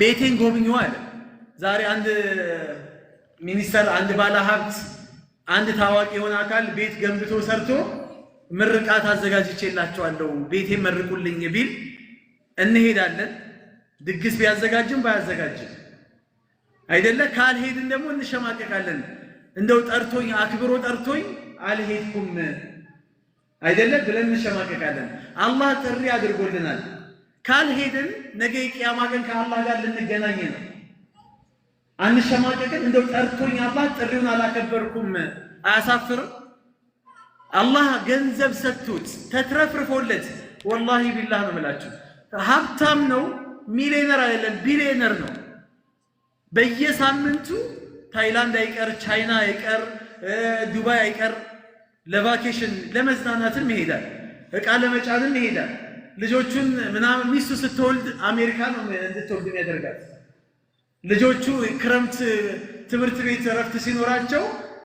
ቤቴን ጎብኙ አለ። ዛሬ አንድ ሚኒስተር፣ አንድ ባለሀብት፣ አንድ ታዋቂ የሆነ አካል ቤት ገንብቶ ሰርቶ ምርቃት አዘጋጅቼላቸዋለሁ ቤቴን መርቁልኝ ቢል እንሄዳለን። ድግስ ቢያዘጋጅም ባያዘጋጅም አይደለ? ካልሄድን ደግሞ እንሸማቀቃለን። እንደው ጠርቶኝ አክብሮ ጠርቶኝ አልሄድኩም አይደለ ብለን እንሸማቀቃለን። አላህ ጥሪ አድርጎልናል። ካልሄድን ነገ የቅያማ ቀን ከአላህ ጋር ልንገናኝ ነው። አንሸማቀቅን። እንደው ጠርቶኝ አላህ ጥሪውን አላከበርኩም አያሳፍርም? አላህ ገንዘብ ሰጥቶት ተትረፍርፎለት ወላሂ ቢላህ ነው የምላችሁ። ሀብታም ነው፣ ሚሊዮነር አይደለም፣ ቢሊዮነር ነው። በየሳምንቱ ታይላንድ አይቀር፣ ቻይና አይቀር፣ ዱባይ አይቀር ለቫኬሽን ለመዝናናትም ይሄዳል፣ እቃ ለመጫንም ይሄዳል። ልጆቹን ምናምን ሚስቱ ስትወልድ አሜሪካ ነው እንድትወልድ የሚያደርጋት። ልጆቹ ክረምት ትምህርት ቤት እረፍት ሲኖራቸው